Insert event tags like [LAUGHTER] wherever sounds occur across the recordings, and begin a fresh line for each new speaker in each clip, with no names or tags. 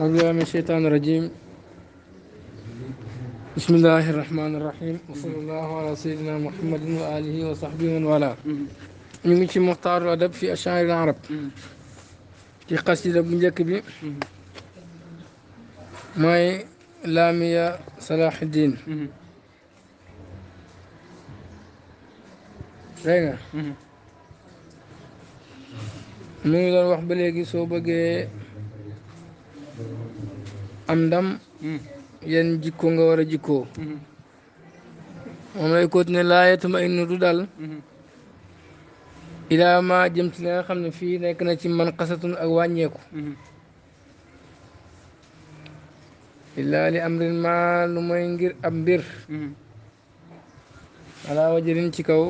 أعوذ بالله من الشيطان الرجيم بسم الله الرحمن الرحيم وصلى الله على سيدنا محمد وآله وصحبه من والاه من في مختار الأدب في أشاعر العرب في قصيدة بن جكبي ماي لامية صلاح الدين dégg nga ñu ngi doon wax ba am ndam hmm. yan jikko nga war a jikkoo hmm. moom lay continuer laa yetuma innu du dal hmm. ilaa ma jëm ci xam ne fii nekk na ci man xasatun ak wàññeeku illaa li amrin ma lu ngir am mbir alaa wajarin ci kaw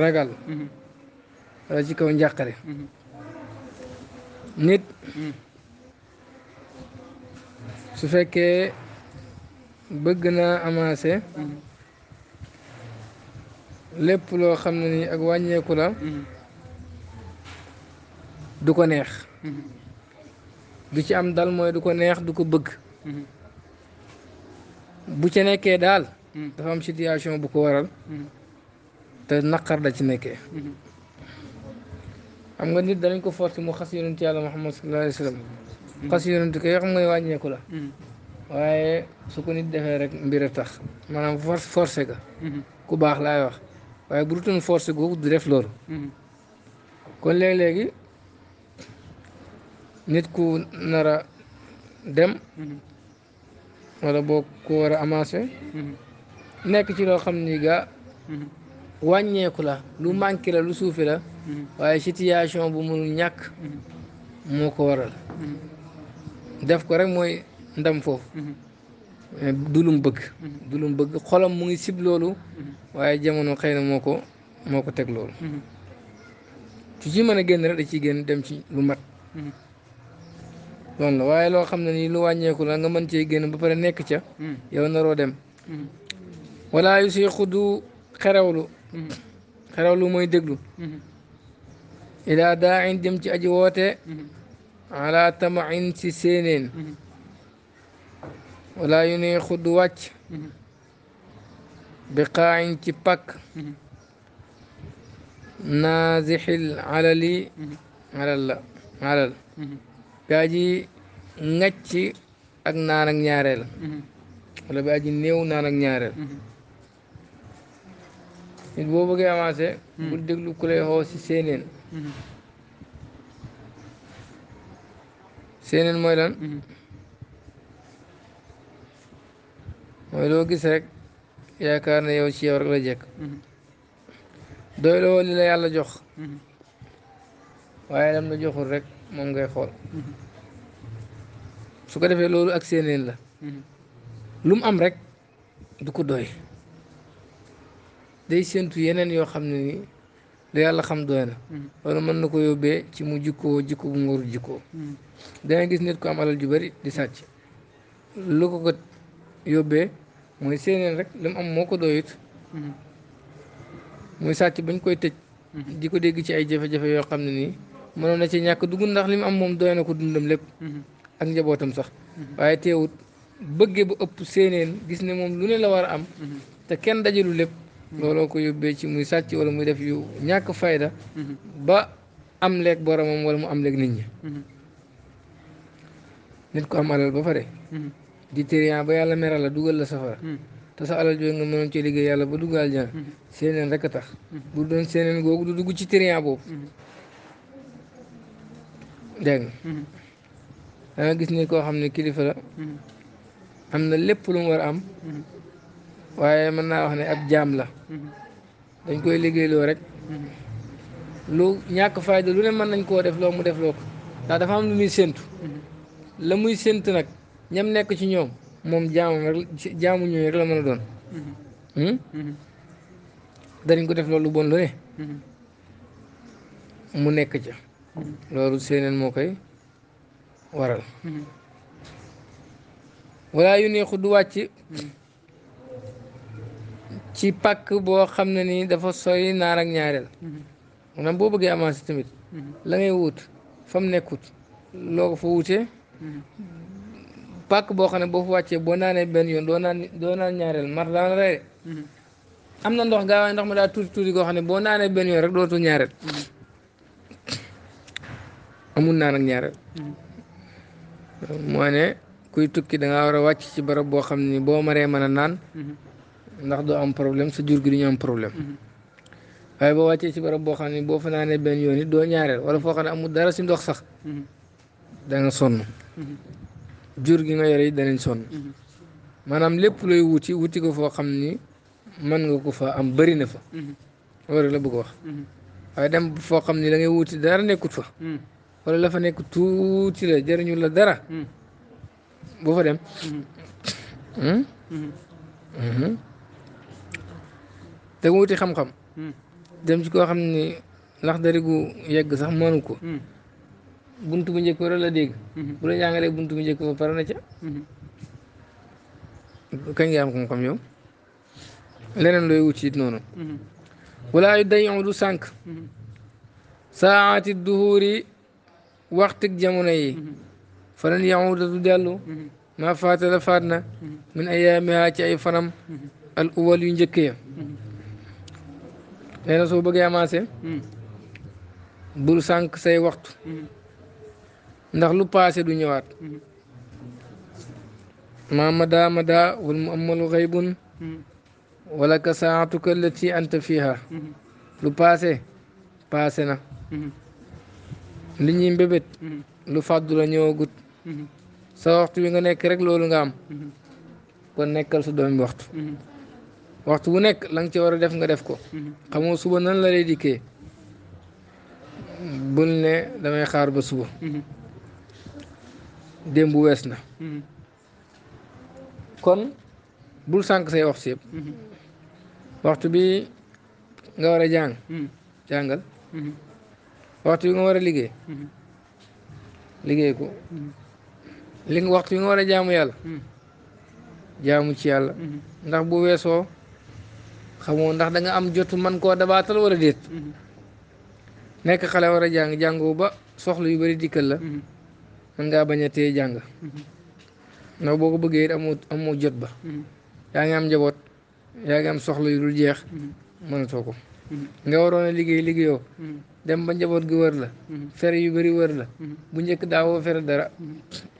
ragal wala ci kaw njàqare nit su fekkee bëgg naa amaase lépp loo xam ne ni ak wàññeeku la du ko neex bi ci am dal mooy du ko neex du ko bëgg bu ci nekkee daal dafa am situation bu ko waral te naqar da ci nekkee xam nga nit danañ ko forcé mu xas yonent yàlla Muhammad sallallahu alayhi wa sallam Mhm. xas yonent ko yoo wàññeeku la mhm. waaye su ko nit defee rek mbir a tax maanaam force forcé ga mhm. ku baax laay wax waaye bu dutoon forcé googu du def loolu kon léeg-léegi nit ku nara dem wala boo ko war a amancé nekk ci loo xam ni ga wàññeeku la lu manqué la lu suufi la waaye situation bu mu ñàkk moo ko waral def ko rek mooy ndam foofu mhm. du lum bëgg mhm. du bëgg xolam mu ngi sib loolu mhm. waaye jamono xëy na moo ko moo ko teg loolu su ci mën a génn rek da ci génn dem ci lu mat loolu la waaye loo xam ne nii lu wàññeeku la nga mën cee génn ba pare nekk ca yow naroo dem wala si xuddu xerewlu xerewlu mooy déglu ilaa daa in jëm ci aji woote ala tamain si séeneen wala yu ne xudd wàcc bi qaain ci pak naazixil alali alal la alal gaa ak naan ak ñaareel wala bi aji néew naan ak ñaareel nit boo bëggee avancé bul déglu ku lay si séeneen seeneen mooy lan mhm. mooy loo gis rek yaakaar ne yow ci yow rek la jekk mhm. doy loo li la yàlla jox mhm. waaye lam la joxul rek moom ngay xool su ko defee loolu ak seeneen la lu am rek du ko doy day séentu yeneen yoo xam ni lu yàlla xam doy na mm. wala mën na ko yóbbee ci mu jikkoo jikko bu mu warul jikkoo mm. danga gis nit ko am alal ju bari di sàcc lu ko ko yóbbee mooy séeneen rek li mu am moo ko doyut mm. muy sàcc bañ koy tëj di ko dégg ci ay jafe-jafe yoo xam ne nii mënoon na ci ñàkk dugg ndax li mu am moom doy na ko dundam lépp mm-hmm. ak njabootam sax mm-hmm. waaye teewut bëgge bu ëpp séeneen gis ne moom lu ne la war a am mm-hmm. te kenn dajalu lépp Mm-hmm. looloo ko yóbbee ci muy sàcc wala muy def yu ñàkk fayda mm-hmm. ba am leeg boromam wala mu am leeg nit ñi mm-hmm. nit ko am alal ba pare di térian ba yàlla meral la dugal la safara te sa alal jooju nga mënoon ci liggéey yàlla ba dugg aljana seeneen rek a tax bu doon seeneen googu du dugg ci térian boobu dégg nga da nga gis ni koo xam ne kilifa la am na lépp lu mu war a am waaye mën naa wax ne ab jaam la dañ koy liggéeyloo rek lu ñàkk fayda lu ne mën nañ koo def loo mu def loo ko ndax dafa am lu muy séntu la muy séntu nag ñam nekk ci ñoom moom jaamu rek jaamu ñooñu rek la mën a doon hmm? danañ ko def loolu bon lu ne mu nekk ca loolu seeneen moo koy waral hmm. walaa yu neexu du wàcc hmm. ci pàkk boo xam ne nii dafa soy naar ñaareel mm-hmm. maanaam boo bëggee avancé tamit mm-hmm. la ngay wut fa mu nekkut loo ko fa wutee mm-hmm. pàkk boo xam ne boo fa wàccee boo naanee benn yoon doo naan doo naan ñaareel mar daan na ndox gaa waaye ma daa tuuti tuuti koo xam ne boo naanee benn yoon rek dootu ñaareel amul naan ak ñaareel ne kuy tukki da ngaa war a wàcc ci barab boo xam ne boo maree mën a naan ndax doo am problème sa jur gi du ñu am problème mm-hmm. waaye boo wàccee ci barab boo xam ne boo fanaanee benn yoon it doo ñaareel wala foo xam ne amul dara si ndox sax mm-hmm. da nga mm-hmm. jur gi nga yore it danañ sonn maanaam lépp looy wuti wuti ko foo xam ni mën nga ko fa am bari na fa loolu la bëgg wax waaye dem foo xam ni la ngay wuti dara nekkut fa wala la fa nekk tuuti la jëriñu la dara boo fa dem
hmm?
da nga wuti xam-xam hmm. dem ci koo xam ni lax darigu yegg sax mënu ko hmm. bunt bu njëkk wara la dégg hmm. bu la jàngalee bunt bu ca kañ nga xam-xam yow leneen looy wut ci it noonu wala day du sànq saati duhuri waxtig jamono yi fanan yahuda du dellu ma faata ci ay fanam al yu njëkk nee soo bëggee amancé hmm. bul sànq say waxtu hmm. ndax lu paase du ñëwaat maa hmm. mada mada wal mu ammalu xaybun wala ka saatuka allati anta fiha lu paase paase na li ñuy mbebet lu fàddu la ñëwagut sa waxtu wi nga nekk rek loolu nga kon nekkal su doomi waxtu waxtu bu nekk la ci war a def nga def ko mhm. xamoo suba nan la lay dikkee bul ne damay xaar ba suba mhm. démb wees na mhm. kon bul sànq say waxtu yëpp waxtu bi nga war a jàng jàngal waxtu bi nga war a liggéey liggéey ko li nga waxtu bi nga war a jaamu yàlla jaamu ci yàlla ndax bu weesoo xamoo ndax da nga am jotu man koo dabaatal wala déet mhm. nekk xale war a jàng jàngoo ba soxla yu bëri dikkal la mën mhm. ngaa bañ a téye jàng mhm. ndax boo ko bëggee amoo amoo jot ba yaa ngi am njaboot yaa ngi am soxla yu dul jeex mënatoo ko nga waroon a liggéey liggéeyoo dem ba njaboot gi wër la fere yu bëri wër la bu njëkk daawoo fere dara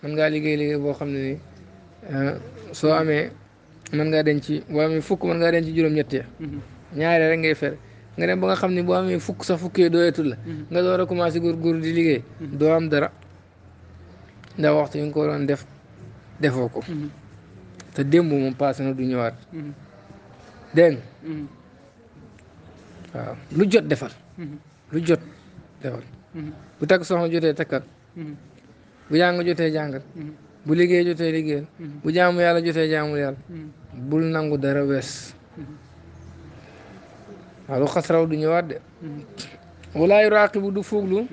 man ngaa liggéey liggéey boo xam ne ni eh, soo amee mën ngaa denc boo amee fukk mën ngaa denc juróom-ñett ya mhm. ñaare rek ngay fer nga dem ba nga xam ne boo amee fukk sax fukk yee doyatul la mhm. nga door a commencé góorgóorlu di liggéey mhm. doo am dara ndax waxtu yi ko waroon def defoo ko te démb moom passé na du ñëwaat dégg waaw lu jot defal lu jot defal bu takk soxna jotee takkal bu jàng jotee jàngal bu liggéey jotee liggéeyal mm-hmm. bu jaamu yàlla jotee jaamu yàlla mm-hmm. bul nangu dara wees mm-hmm. waaw lu xas raw du ñëwaat de wala yuraaqibu du fuglu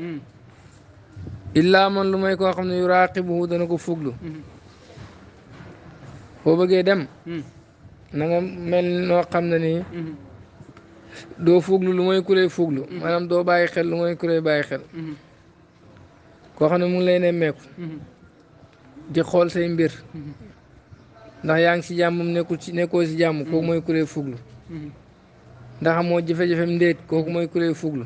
illaa man lu may koo xam ne yuraaqibu dana ko fuglu boo bëggee dem na mel noo xam ne nii doo fuglu lu may kuree fuglu maanaam doo bàyyi xel lu may kuree bàyyi xel koo xam ne mu ngi lay nemmeeku di xool say mbir ndax yaa ngi si jàmmam nekkul ci nekkoo si jàmm kooku mooy kuréel fuglu ndax amoo jafe-jafem ndéet kooku mooy kuréel fuglu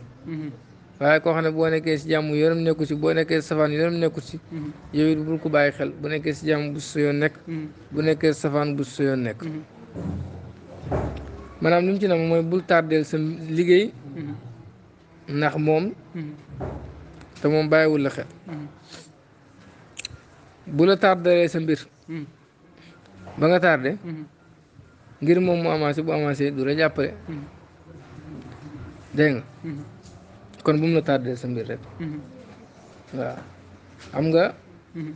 waaye koo xam ne boo nekkee si jàmm yoonam nekku si boo nekkee si safaan yoonam nekku si bul ko bàyyi xel bu nekkee si jàmm bu sa yoon nekk bu nekkee si safaan bu sa yoon nekk maanaam li mu ci nam mooy bul tardeel sa liggéey ndax moom te moom bàyyiwul la xel bula la sa mbir hmm ba nga tardé hmm ngir mom mo amassé bu avancé du jappalé hmm deng hmm kon bu mu la tardé sa mbir rek hmm wa am nga hmm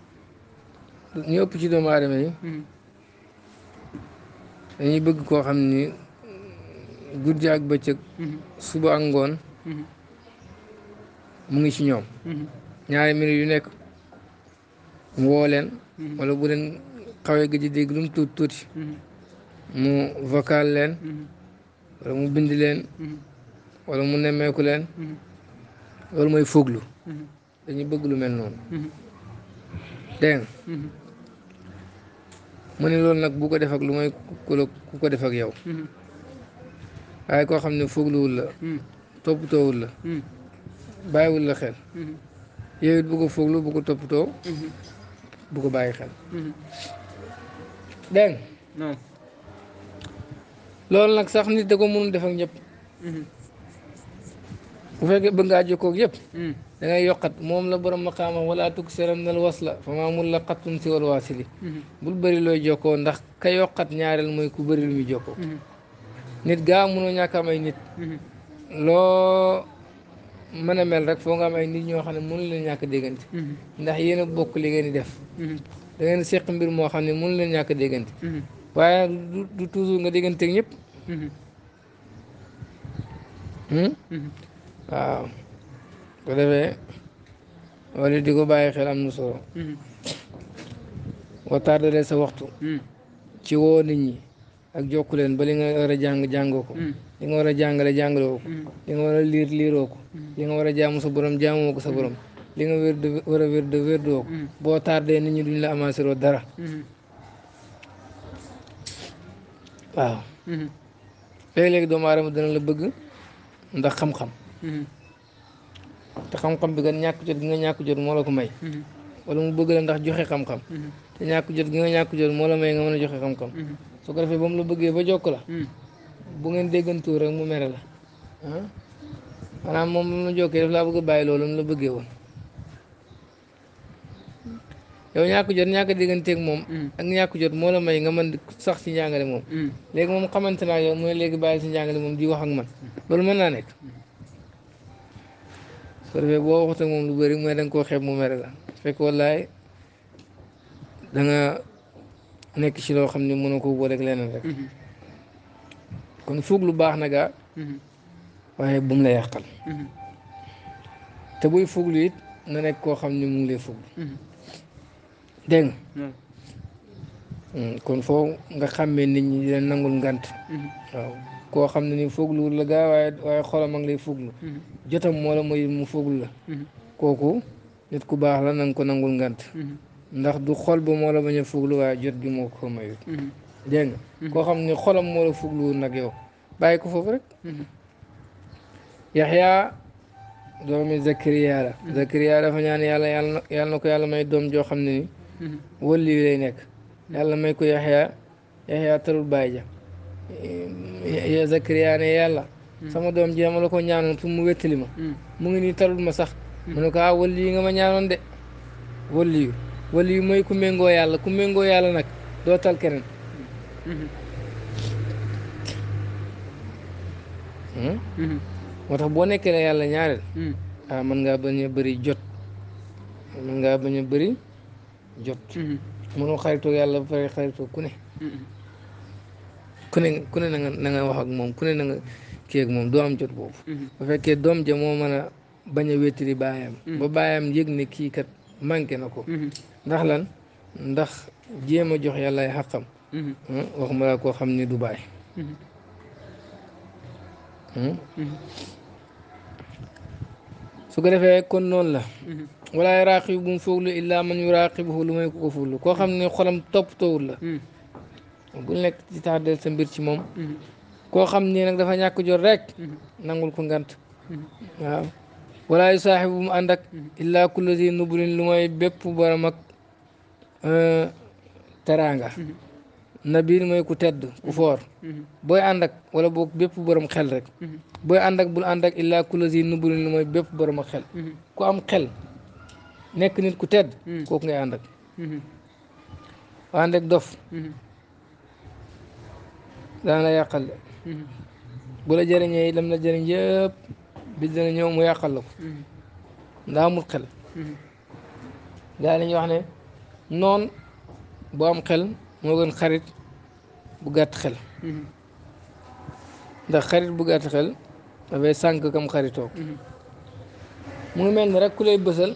ñu ëpp ci doomu aadama hmm dañuy bëgg ko xamni gudd guddi ak hmm suba ak ngone hmm mu ngi ci ñoom hmm. ñaari minute yu nekk woo leen mhm. wala bu leen xawee gëj a dégg lu mu tuuti tuuti mhm. mu vocal leen mhm. wala mu bind leen wala mu nemmeeku leen loolu mooy fooglu dañuy bëgg lu mel noonu dégg mu ne loolu nag bu ko def ak lu mooy ku ko def yow waaye koo xam ne foogluwul la toppatoowul la bàyyiwul la xel yow it bu ko fooglu bu bu ko bàyyi xel dégg nga loolu nag sax nit da ko mënul def ak ñëpp mhm. bu fekkee bëgg ngaa jokkoog yëpp mhm. da ngay yokkat moom la borom maqaama wala tuksiran al wasla fama mun la xattun si wal mhm. bul bëri looy jokkoo ndax ka yokkat ñaareel mooy ku bëri lu muy jokkoo nit gaa mënoo ñàkk am nit loo mën a mel rek foo nga am ay nit ñoo xam ne mënu leen ñàkk déggante mhm. ndax yéen a bokk li ngeen di def mhm. da ngeen seq mbir moo xam ne mënu leen ñàkk déggante mhm. waaye du toujours nga déggante ak ñëpp hmm? waaw ko defee di ko bàyyi xel am na solo waxtaanale sa waxtu ci woo nit ñi ak jokku leen ba nga war a jàng jàngoo ko li nga war a jàngale jàngale mm. li nga war a liir liiroo ko mm. li war a jaamu sa boroom jaamoo ko sa borom mm. li nga wér de war a wér de boo tardé ni ñu duñ la avancé loo dara waaw léegi léeg doomu aadama dana la bëgg ndax xam-xam te xam-xam bi kat ñàkk jot gi nga ñàkk jot moo la ko may wala mu bëgg la ndax joxe xam-xam te gi nga ñàkk jot moo la may nga mën a joxe xam-xam su ko defee ba la bëggee ba jokk la bu ngeen déggantu rek mu mere la ah maanaam moom mu la daf laa bëgg bàyyi loolu mu la bëggee woon yow ñàkk jot ñàkk dégganteeg moom hmm. ak ñàkk jot moo la may nga mën sax si njàngale moom hmm. léegi moom xamante naa yow mooy léegi bàyyi ci njàngale moom di wax ak man loolu mën naa nekk su defee boo waxut moom lu bari mooy da nga koo xeeb mu mere la fekk wallaay da nekk ci loo xam ne mën ko koo booleeg leneen rek hmm. kon foog lu baax na gaa mhm. waaye bu mu la yàqal mhm. te buy fuglu it na nekk koo xam ne mu ngi lay fuglu mhm. dégg nga mm, kon foo nga xàmmee nit ñi dina nangul ngant waaw koo xam ne ni fugluwul la gaa waaye waaye xolam a lay fuglu jotam moo la mooy mu fuglu la kooku nit ku baax la na ko nangul ngant ndax du xol ba moo la bañ a fuglu waaye jot gi moo ko mayut dégg nga mhm. koo xam ne xolam moo la fugluwul nag yow bàyyi ko foofu rek mhm. yaxya doomi zakariya la mhm. zakariya dafa ñaan yàlla yàlla na ko yàlla may doom joo xam ne ni wëlli lay nekk yàlla may ko yaxya yaxya tarul ja zakariya ne yàlla sama doom ji ma la ko ñaanoon pour mu wettali ma mu ngi nii tarul ma sax mu ne ko ah wëlli nga ma ñaanoon de wëlli yu wëlli yu mooy ku méngoo yàlla ku méngoo yàlla nag doo tal keneen moo tax boo nekkee ne yàlla ñaareel hmm. ah mën ngaa bañ a jot mën ngaa bañ bari bëri jot hmm. mënoo xaritoo yàlla ba pare xaritoo ku ne hmm. ku ne ku ne na nga wax ak moom ku ne na nga kii ak moom doo am jot boobu bu fekkee doom ja moo mën a bañ a wéttali baayam ba baayam yëg ne kii kat manqué na ko ndax lan ndax jéem a jox yàlla ay xàqam Hmm? wax laa koo xam ni du baay
hmm? hmm?
su ko defee kon noonu la wala yuraaqibu bu mu fooglu illaa man yuraaqibuhu lu may ko ko fooglu koo xam ne xolam toppatoowul la bu nekk ci tax sa mbir ci moom koo xam ne dafa ñàkk jot rek nangul ko ngant waaw wala yu saaxibu bu mu ànd ak illaa lu may bépp borom ak euh, nabiil mooy ku tedd ku foor booy ànd ak wala boog bépp borom xel rek booy ànd ak bul ànd ak illaa kulasi nubulin li mooy bépp borom ak xel ku am xel nekk nit ku tedd kooku ngay ànd ak ànd ak dof daan la yàqal de bu la jëriñee lam la jëriñ yëpp bis dana ñëw mu yàqal la ko ndaa amul xel gaa yi dañuy wax ne noon bu am xel مودن خريط بغات خل دا خريط بغات خل دا في سانك كم خريطو مونو مين رك كولاي بسل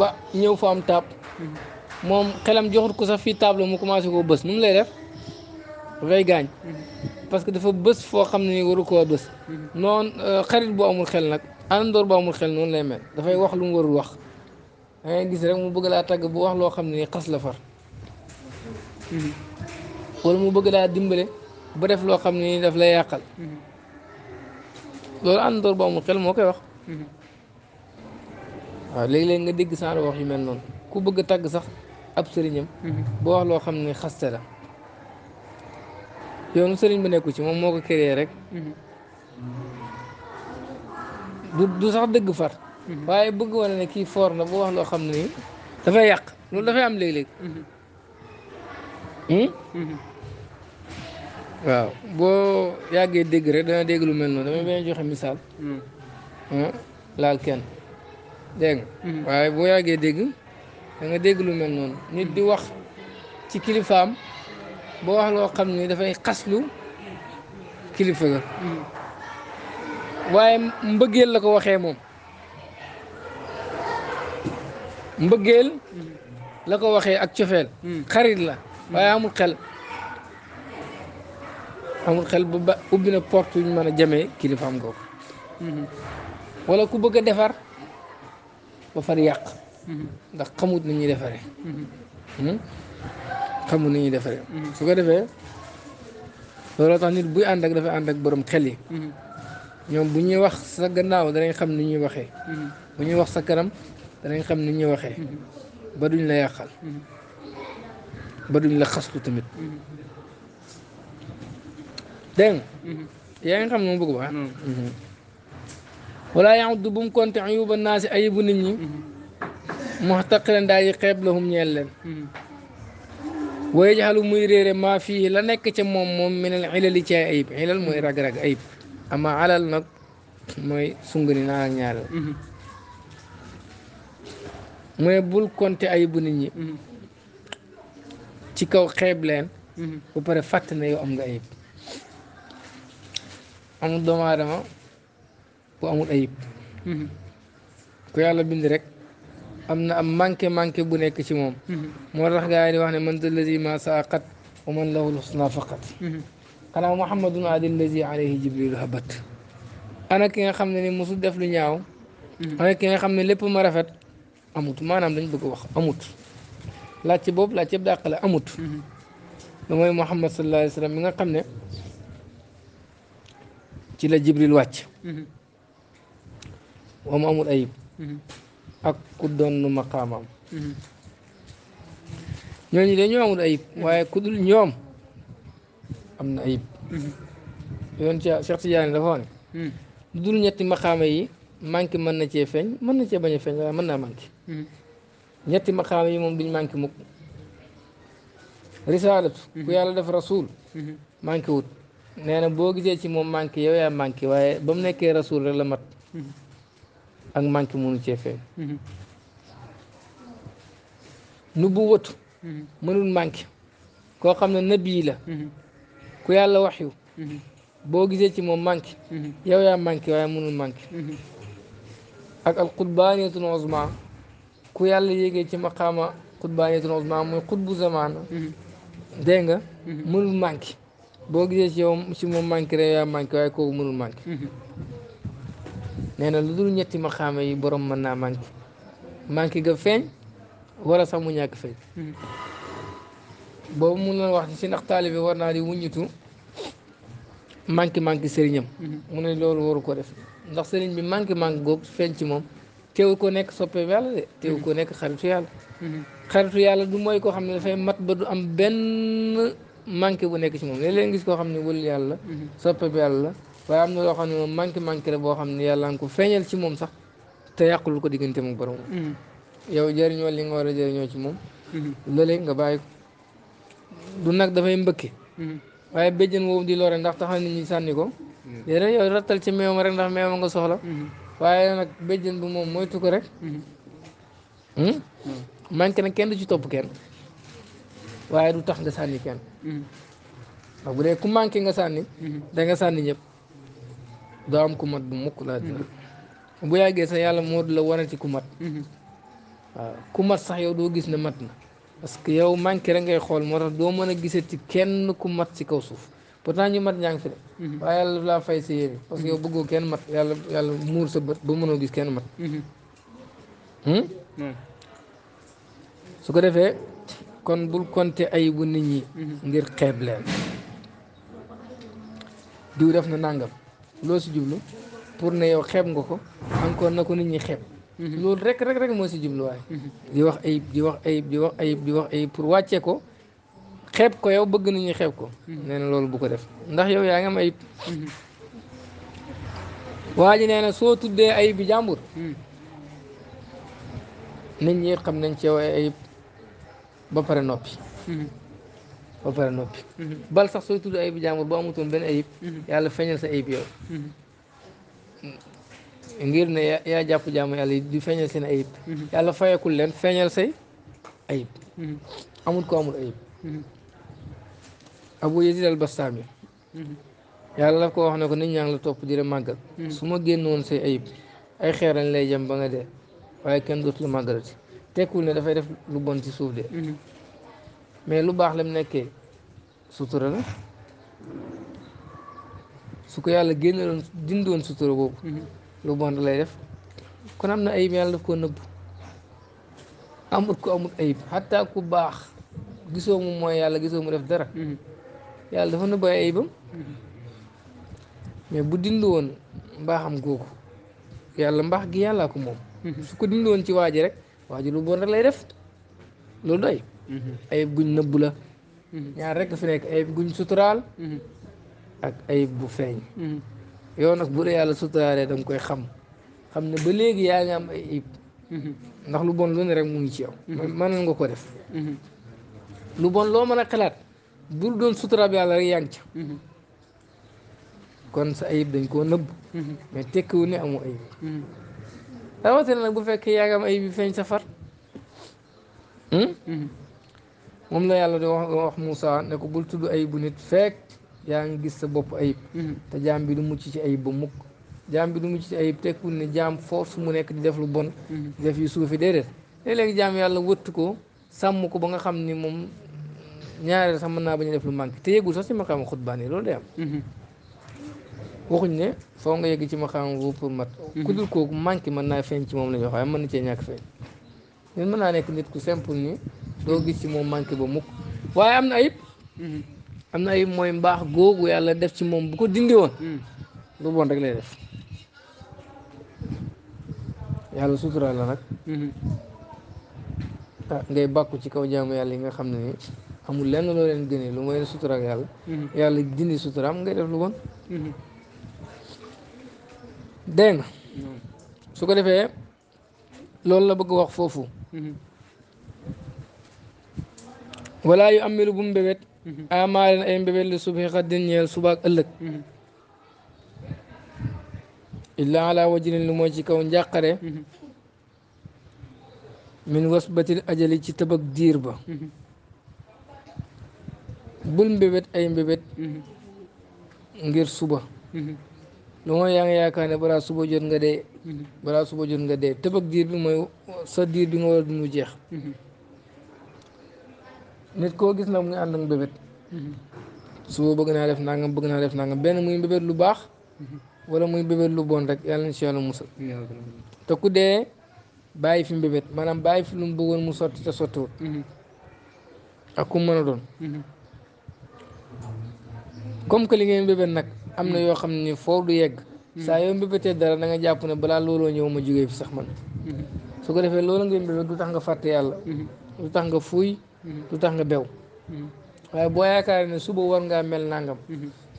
با نيو فام تاب موم خلام جوخت كو في تابل مو كوماسي كو بس نوم لاي ديف فاي غاني باسكو دا فا بس فو خامني ورو كو بس نون خريط بو امول خل نك اندور بو امول خل نون لاي مين دا فاي واخ لوم ورو واخ ngay gis rek mu bëgg laa tàgg bu wax wala mu bëgg laa dimbale ba def loo xam ne nii daf lay yàqal loolu àndoor bu amul xel moo koy wax waaw léeg-léeg nga dégg sans wax yu mel noonu ku bëgg a tàgg sax ab sëriñam boo wax loo xam ne xaste la yoonu sëriñ ba nekku ci moom moo ko créé rek du du sax dëgg far waaye bëgg wane ne kii foor na bu wax loo xam ne nii dafay yàq loolu dafay am léeg-léeg Hmm? Hmm. waaw boo yàggee dégg rek dana dégg lu mel noonu damay benn joxe misaal hmm. laal kenn dégg nga waaye boo yàggee dégg danga nga dégg lu mel noonu nit di wax ci kilifaam boo wax loo xam ni dafay xaslu kilifa ga waaye mbëggeel la ko waxee moom mbëggeel la ko waxee ak cofeel xarit la waaye amul xel amul xel ba ubbi na porte yu ñu mën a jamee kilifaam googu wala ku bëgg a defar ba far yàq ndax xamut ni ñuy defaree xamut ni ñuy defaree su ko defee looloo tax nit buy ànd ak dafay ànd ak borom xel yi ñoom bu ñuy wax sa gannaaw danañ xam ni ñuy waxee bu ñuy wax sa kanam danañ xam ni ñuy waxee ba duñ la yàqal ba duñ la xaslu tamit dégg yaa ngi xam moom bëgg baax mm-hmm. mm-hmm. wala yaxuddu bu mu compté ayuba naasi ayibu nit ñi mm-hmm. muxtaqiran daal yi xeeb lahum ñeel leen way jaxalu muy réere maa fii la nekk ca moom moom minal xilali ci ay ayib xilal mooy rag-rag ayib ama alal nag mooy sungani naa ak ñaareel bul compté ayibu nit ñi ci kaw xeeb leen bu pare fàtt ne yow am nga ayib amul doomu aadama bu amul ayib ku yàlla bind rek am na am manqué manqué bu nekk ci moom moo tax gaa yi di wax ne man allazi ma saaqat wa man lahul husna faqat xanaa muhammadun adi allazi alayhi jibrilu habat ana ki nga xam ne ni mosul def lu ñaaw ana ki nga xam ne lépp ma rafet amut maanaam dañ bëgg wax amut laajte boobu laajte bu dàq la amut. da mhm. mooy Muhammad sallallahu alayhi wa nga xam ne ci la Jibril wàcc. moom amul ayib. Mhm. ak ku doon maqaamam. Mhm. ñooñu de ñoo amul ayib waaye ku dul ñoom am na ayib. yoon ci Cheikh Tidiane dafa wax ne. dul ñetti maqaama yi manqué mën na cee feeñ mën na cee bañ a feeñ waaye mën naa manqué. ñetti maqaama yi moom duñ manqué mukk risaalatu ku yàlla def rasul manqué wut nee na boo gisee ci moom manqué yow yaa manqué waaye ba mu nekkee rasul rek la mat ak manqué munu cee feeñ nu bu wëtu mënul manqué koo xam ne nabi la ku yàlla wax yu boo gisee ci moom manqué yow yaa manqué waaye mënul manqué ak alqurbaaniyatul uzma ku yàlla yéegee ci maqaama xutbaaniyatul uzma muy xutbu zamaan mhm. dégg nga mhm. mënul manqué boo gisee ci moom manqué rek yaa manqué waaye kooku mënul manqué mhm. nee na lu dul ñetti maqaama yi borom mën naa manqué manqué ga feeñ wala sax mu ñàkk feeñ boobu mun na wax si ndax taalibe war naa di wuññitu manqué manqué sëriñam mu ne loolu waru ko def ndax sëriñ bi manqué manqué googu feeñ ci moom teew ko nekk soppeeku yàlla de teew ko nekk xaritu yàlla xaritu yàlla du mooy koo xam ne dafay mat ba du am benn manqué bu nekk ci moom léeg-léeg ngis koo ne wëlu yàlla mhm. soppeeku la waaye am na loo xam ne moom la boo xam ne yàlla nga ko feeñal ci moom sax te yàqul ko diggante mu borom mhm. yow jëriñoo li nga a jëriñoo ci moom mhm. loolee nga bàyyi ko du nag dafay mbëkke waaye béjjën woowu di lore ndax taxal nit ñi sànni ko déedéet yow rattal ci meew ma rek ndax meew ma nga soxla waaye nag béjjën bi moom moytu ko rek mhm. hmm? manqué nag kenn du ci topp kenn waaye du tax nga sànni kenn mhm. bu dee ku manqué nga sànni mhm. da nga sànni ñëpp doo am ku mat bu mukk laa dina bu yàggee sax yàlla moo du la wanati ku mat waaw ku mat sax yow doo gis ne mat na parce que yow manqué rek ngay xool moo tax doo mën a gisati kenn ku mat ci kaw suuf pour pourtant ñu mat ñaa fi de mhm. waaye yàlla laa fay sa yéene parce yow mhm. bëggoo kenn mat yàlla yàlla muur sa bët ba mënoo gis kenn mat mhm.
hmm?
su ko defee kon bul compter ayibu nit ñi ngir xeeb leen diw def na nàngam loo si jublu pour ne yow xeeb nga ko encore na ko nit ñi xeeb loolu rek rek rek moo si jubluwaay di wax ayib di wax ayib di wax ayib di wax ayib pour wàccee ko xeeb ko yow bëgg nañu xeeb ko hmm. nee na loolu bu ko def ndax yow yaa ngi am ayib hmm. waa ji nee na soo tuddee ayib bi jàmbur hmm. nit ñi xam nañ ci yow ay ayib ba pare noppi ba pare noppi bal sax sooy tuddee ayib bi jàmbur boo amutoon benn ayib yàlla feeñal sa ayib yow ngir ne jàpp jaamu yàlla yi di feeñal seen ayib yàlla leen feeñal say ayib amul ko amul ayib Abu Yazid al Bastaami yàlla daf ko wax ne ko nit ñaa ngi la topp di la màggal hmm. su ma génnoon say ayib ay xeerañ lay jëm ba nga dee waaye kenn dootu la màggalati tekkul ne dafay def lu bon ci suuf de hmm. mais lu baax lam nekkee sutura la su ko yàlla génneloon dindoon sutura boobu hmm. lu bon lay def kon am na ayib yàlla daf koo nëbb amut ko amut ayib xataa ku baax gisoo mu mooy yàlla gisoo mu def dara yàlla dafa nëbb ay ayibam mais bu dindi woon mbaaxam googu yàlla mbaax gi yàllaa ko moom mhm. su ko dindi woon ci waaji rek waaji lu bon rek lay def loolu doy mhm. ayib guñ nëbb la mhm. ñaar rek fi nekk ayib guñ suturaal ak ayib bu feeñ yow nag bu la yàlla suturaalee da koy xam xam ne ba léegi yaa ngi am ay ayib ndax lu bon lu ne rek mu ngi ci yow mënoon nga ko def lu bon loo mën a xalaat bul doon suturaab yàlla rek yaa ngi ca mhm. kon sa ayib dañ koo nëbb mhm. mais tekkiwu ne amu ayib mhm. rawatina nag bu fekkee yaa ngi am ayib yi feeñ sa far hmm? moom la yàlla di wax wax ne ko bul tudd bu nit fekk yaa ngi gis sa bopp ayib te jaam bi du mucc ci ayib ba mukk jaam bi du mucc ci ayib tekkiwul ne jaam force mu nekk di def lu bon di def yu suufi déedéet léeg-léeg jaam yàlla wëtt ko sàmm ko ba nga xam ni moom ñaareel sax mën naa bañ a def lu manqué te yëgul sax ci maqaama xutbaan yi loolu day am. Mhm. waxuñ ne foo nga yegg ci maqaama boobu pour mat. Mhm. ku dul kooku manqué mën naa feeñ ci moom lañuy ñu wax waaye mën na cee ñàkk feeñ. ñun naa nekk nit ku simple ni doo gis ci moom manqué ba mukk waaye am na ayib. Mhm. am na ayib mooy mbaax googu yàlla def ci moom bu ko dindi woon. lu bon rek lay def. yàlla suturaal la nag. ah ngay bàkku ci kaw jaamu yàlla yi nga xam ne ni. xamul lenn loo leen gënee lu mooy sutura ak yàlla yàlla dindi suturaam ngay def lu bon dégg nga su ko defee loolu la bëgg wax foofu wala yu amilu bu mu mbébét amaaleen ay mbébét li subhi xaddin ñeel subaak ëllëg illa ala wajrin lu mooy ci kaw njàqare min wasbatil ajali ci tëbëg diir ba bul mbébét ay mbébét mhm. ngir suba mhm. no mooy yaa ngi yaakaar ne balaa suba jot nga dee mhm. balaa suba jot nga dee tëbëg diir bi mooy sa diir bi nga war a jeex nit koo gis nag mu ngi ànd ak mbébét suba bëgg naa def nangam bëgg naa def nangam benn muy mbébét lu baax wala muy mbébét lu bon rek yàlla na ci yàlla musal te ku dee bàyyi fi mbébét maanaam bàyyi fi lu mu mu sotti te sottiwut ak ku mën comme que li ngeen mbébét nag am na yoo xam ne foo du yegg saa yoo mbébétee dara da nga jàpp ne balaa looloo ñëw ma jógee fi sax man su ko defee loolu nga mbébét du tax nga fàtte yàlla du tax nga fuuy du tax nga bew waaye boo yaakaar ne suba war ngaa mel nangam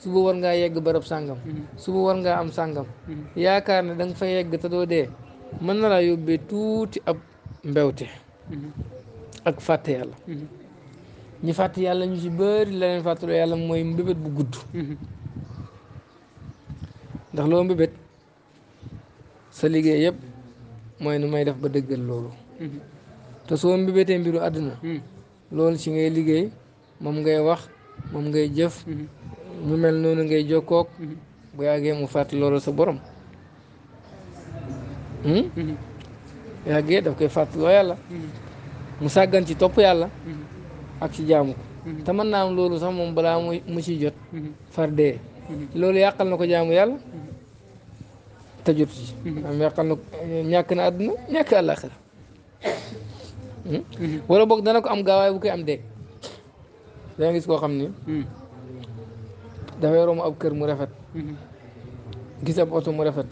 suba war ngaa yegg barab sàngam suba war ngaa am sàngam yaakaar ne da nga fa yegg te doo dee mën na laa yóbbee tuuti ab mbewte ak fàtte yàlla ñi fàtt yàlla ñu ci bëri la leen fàttaloo yàlla mooy mbébét bu gudd ndax loo mbébét sa liggéey yëpp mooy nu may def ba dëggal loolu te soo mbébétee mbiru àdduna loolu ci ngay liggéey moom ngay wax moom ngay jëf ñu mel noonu ngay jokkoog bu yàggee mu fàtt loolu sa borom hmm? Hmm. yàggee daf koy fàttaloo yàlla mu sàggan ci topp yàlla ak ci jaamu ko mhm. te mën naa am loolu sax moom balaa mu mu ciy jot mhm. far dee mhm. loolu yàqal na ko jaamu yàlla te jot am yàqal na ñàkk na àdduna ñàkk àllaaxira wala boog dana ko am gaawaay bu koy am dee danga gis koo xam ni dafay romb ab kër mu rafet gis ab oto mu rafet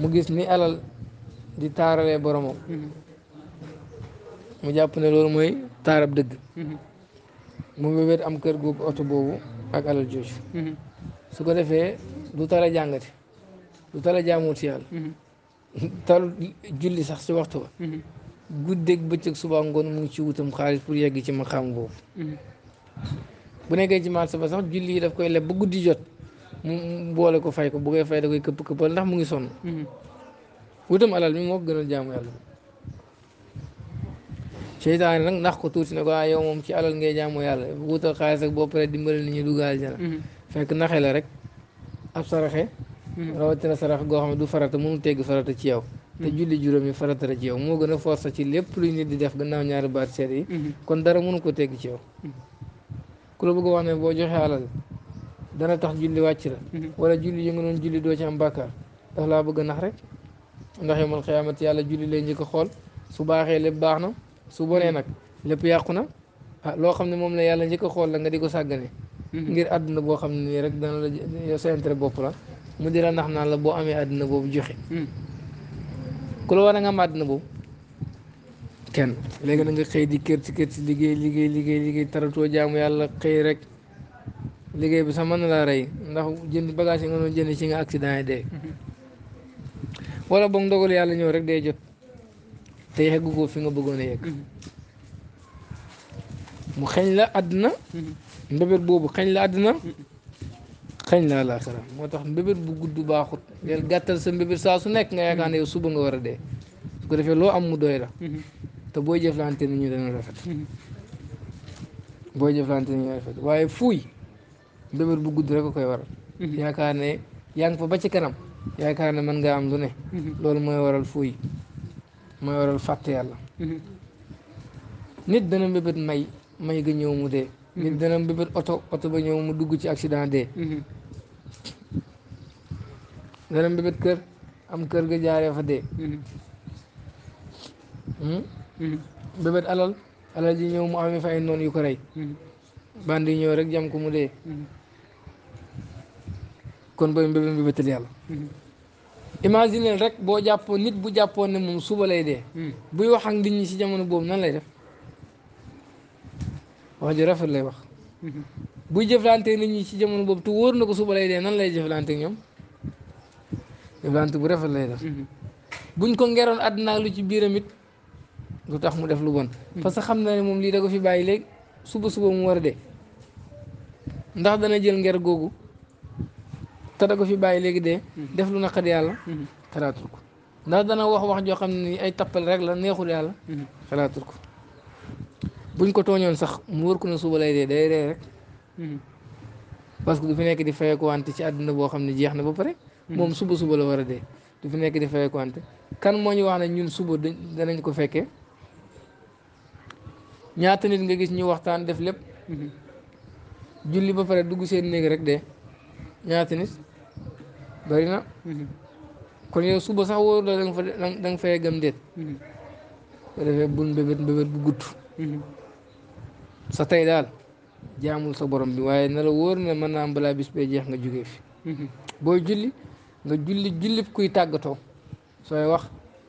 mu gis ni alal di taaralee boromam mu jàpp ne loolu mooy taarab dëgg mhm. mu wéwét am kër googu oto boobu ak alal jooju mhm. su ko defee du tala jàngati du tala jaamuti yàlla mhm. [LAUGHS] talu julli sax ci waxtu ba guddeeg bëccëg subaa ngoon mu ngi ci wutam xaalis pour yegg ci maqaam boobu bu nekkee ci marché ba sax julli yi daf koy leb ba guddi jot mu boole ko fay ko bu fay da koy këpp këppal ndax mu ngi sonn wutam alal mi moo ko gënal jaamu yàlla seytaane nag ndax ko tuuti ne ko ah moom ci alal ngay jaamu yàlla wuutal xaalis ak boo paree dimbale nit ñi dugg aljana mhm. fekk naxe la rek ab saraxe mhm. rawatina sarax goo xam ne du farata mënu tegg farata ci yow te mhm. julli juróom yi farata la ci yow moo gën a force ci lépp luy nit di def gannaaw ñaari baat seet yi kon dara mënu ko tegg ci yow ku la bëgg wax ne boo joxee alal dana tax julli wàcc la wala julli yu nga doon julli doo ci am bàkkaar daf laa bëgg a nax rek ndax yomal yàlla julli lay njëkk a xool su baaxee lépp baax na su bonee nak lepp yakuna ah, lo xamné mom la yalla njëkk xol la nga diko ko mhm. ngir aduna bo xamné ne rek dana la yo sa intérêt bopp la mu dira nax na la bo amé aduna boobu joxé mhm. ku la wara nga am àdduna ken kenn nga xey di kër ci kër ci liggéey liggéey liggéey liggéey tarato jaamu yalla xey rek liggéey bi sax mën na laa rey ndax jënd bagage nga doon jënd ci nga accident dé mhm. wala boog ndogal yalla ñew rek day jott te yeggu ko fi nga bëggoon a yegg mm-hmm. mu xañ la àdduna mm-hmm. mbébét boobu xañ la àdduna mm-hmm. xañ la àllaaxira moo tax mbébét bu gudd baaxut del gàttal sa mbébét saa su nekk nga yaakaar ne yow suba nga war a dee su ko defee loo am mu doy la booy jëflante ni ñu dana rafet booy waaye fuuy mbébét bu gudd koy waral yaakaar ne yaa ngi fa ba ci kanam yaakaar ne man nga am lu ne loolu mooy waral fuuy mooy waral fàtte yàlla mm-hmm. nit dana mbébét may may ga ñëw mu dee mm-hmm. nit dana mbébét oto oto ba ñëw mu dugg ci accident dee mm-hmm. dana mbébét kër am kër ga jaaree fa dee hmm? mbébét alal alal ji ñëw mu amee fa ay noonu yu ko rey bandi yi ñëw rek jam ko mu dee kon booy mbébét mbébétal yàlla imagine rek boo jàppoon nit bu jàppoon ne moom suba lay dee hmm. buy wax ak nit ñi ci jamono boobu nan lay def wax ju rafet lay wax hmm. buy jëflante nit ñi ci jamono boobu te wóor na ko suba lay dee nan lay jëflante ñoom jëflante bu rafet lay def hmm. buñ ko ngeroon àddina lu ci biiram it lu tax mu def lu bon parce que xam na ne moom lii da ko fi bàyyi léegi suba suba mu war a dee ndax dana jël nger googu te da ko fi bàyyi léegi de mm-hmm. def lu naqari yàlla mm-hmm. xalaatul ko ndax dana wax wax joo xam ni ay tappal rek la neexul yàlla mm-hmm. xalaatul ko buñ ko tooñoon sax mu wër ko na suba lay dee day rek parce que du fi nekk di fayeeku wante ci àdduna boo xam ne jeex na ba pare moom suba suba la war a dee du fi nekk di fayeeku wante kan moo ñu wax ne ñun suba danañ ko fekkee ñaata nit nga gis ñu waxtaan def lépp julli ba pare dugg seen néeg rek de ñaata nit bëri na mhm. kon yow suba sax wóor la da nga fa da nga fay gëm déet mhm. defee bul mbébét mbébét bu gudd mhm. sa tey daal jaamul sa borom bi waaye na la wóor ne mën naa am balaa bis bee jeex nga jógee fi booy julli nga julli jullib kuy tàggatoo sooy wax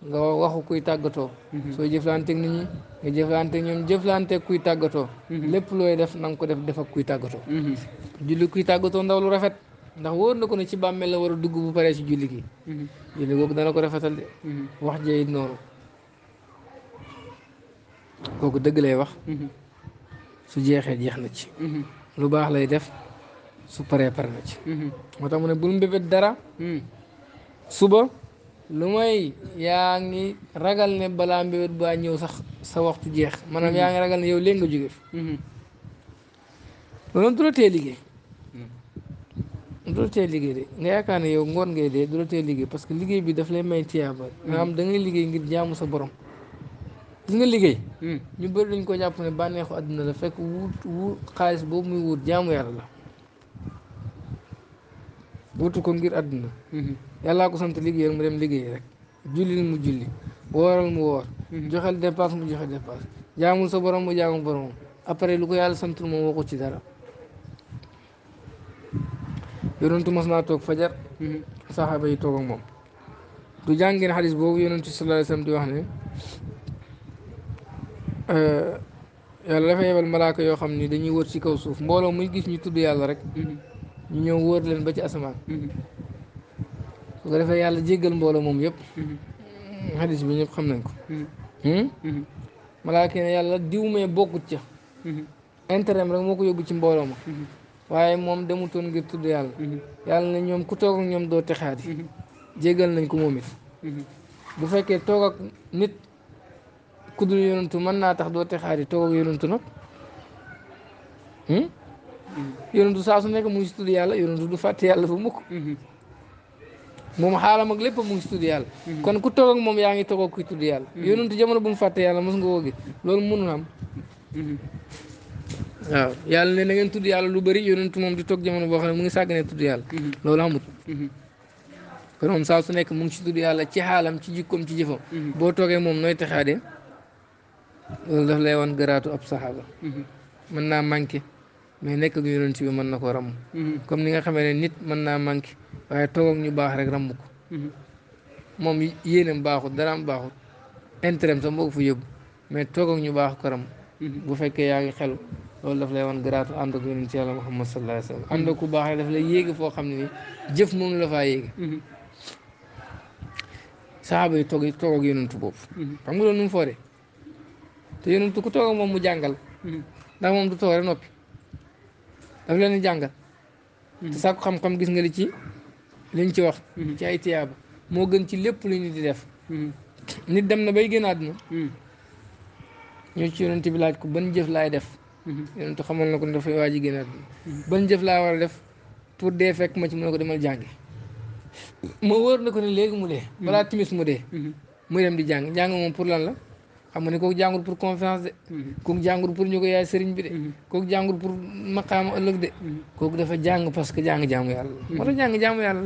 nga waxu kuy tàggatoo sooy jëflanteeg nit ñi nga jëflante ñoom jëflante kuy tàggatoo lépp looy def na ko def defak kuy tàggatoo julli kuy tàggatoo ndaw lu rafet ndax wóor na ko ne ci bàmmeel la war a dugg bu paree ci julli gi mhm. dana ko rafetal de mhm. wax kooku dëgg lay wax mhm. su jeexee jeex na ci lu baax lay def su paree pare na ci moo tax mu ne bul mbébét dara suba lu may yaa ngi ragal ne balaa mbébét baa ñëw sax sa waxtu jeex maanaam yaa ngi ragal ne yow léegi nga jóge fi du la tee liggéey du la tee liggéey de nga yaakaar ne yow ngoon ngay dee du la tee liggéey parce que liggéey bi daf lay may tiyaaba nga am da ngay liggéey ngir jaamu sa borom gis nga liggéey ñu bëri dañ ko jàpp ne bànneexu àdduna la fekk wut wut xaalis boobu muy wut jaamu yàlla la wutu ko ngir àdduna yàllaa ko sant liggéeyal mu dem liggéey rek jullil mu julli wooral mu woor joxel dépasse mu joxe dépasse jaamul sa borom mu jaamu boromam après lu ko yàlla santul moom waxu ci dara yonentu mas naa toog fajar mm-hmm. saxaaba yi toog ak moom du jàngeen xadis boobu yonentu sallallahu alayhi wasallam di wax ne euh, yàlla dafa yebal malaaka yoo xam ni dañuy wër ci kaw suuf mbooloo muy gis ñu tudd yàlla rek mm-hmm. ñu ñëw wër leen ba ci asamaan mm-hmm. su ko defee yàlla jéggal mbooloo moom yëpp xadis bi ñëpp xam nañ ko hmm? malaaka yi ne yàlla diw mee bokkut ca intérêt rek moo ko yóbbu ci mbooloo waaye moom demutoon ngir tudd yàlla mhm. yàlla na ñoom ku toog ñoom doo texaati mhm. jégal nañ ko moom it mhm. bu fekkee toog nit ku dul yonantu mën naa tax doo texaati toog ak yonantu nag hmm? yonantu saa nekk mu ngi si tudd yàlla yonantu du fàtte yàlla fa mukk moom xaalam ak lépp mu ngi si kon ku toog moom yaa ngi toog ak kuy tudd yàlla jamono bu mu fàtte yàlla mos nga woo gi loolu mënul am waaw yàlla ne na ngeen tudd yàlla lu bëri yonentu moom di toog jamono boo xam ne mu ngi sàgganee tudd yàlla mm-hmm. loolu amut mm-hmm. kon moom saa su nekk mu ngi ci tudd yàlla ci xaalam ci jikkoom ci jëfam mm-hmm. boo toogee moom nooy texaadee loolu daf lay wan garaatu ab saxaaba mën naa manqué mais nekk ak yonent bi mën na ko ramm comme ni nga xamee ne nit mën naa manqué waaye toog ak ñu baax rek ramm ko moom mu baaxut daraam baaxut intérêt sax moo ko fa yóbbu mais toog ak ñu baax ko bu fekkee yaa ngi xelu loolu daf lay wan garaatu ànd ak yonent yàlla Muhammad sallallahu alayhi wa sallam ku baax daf lay yéegi foo xam ne ni jëf moom la faa yéegi mhm. saxaaba yi toog toog ak yonentu boobu mhm. xam nga loolu nu mu foore te yonentu ku toog moom mu jàngal mhm. ndax moom du toog noppi daf leen di jàngal te sàkku xam-xam gis nga li ci liñ ci wax ci ay tiyaaba moo gën ci lépp li ñu di def nit dem na bay génn àdduna ñoo ci yonent bi laaj ko ban jëf laay def Mm-hmm. yonent xamal na ko ne dafay waaj a génn àdduna mm-hmm. ban laa war a def pour dee fekk ma ci mu ne ko demal na ko ne léegi mu dee mm-hmm. balaa timis mu dee muy di jàng jàng moom pour lan la xam nga ne kooku jàngul pour confiance de kooku jàngul ñu ko yaay sëriñ bi de kooku jàngul pour maqaama ëllëg de kooku dafa jàng parce que jàng jaamu yàlla la moo tax jàng jaamu yàlla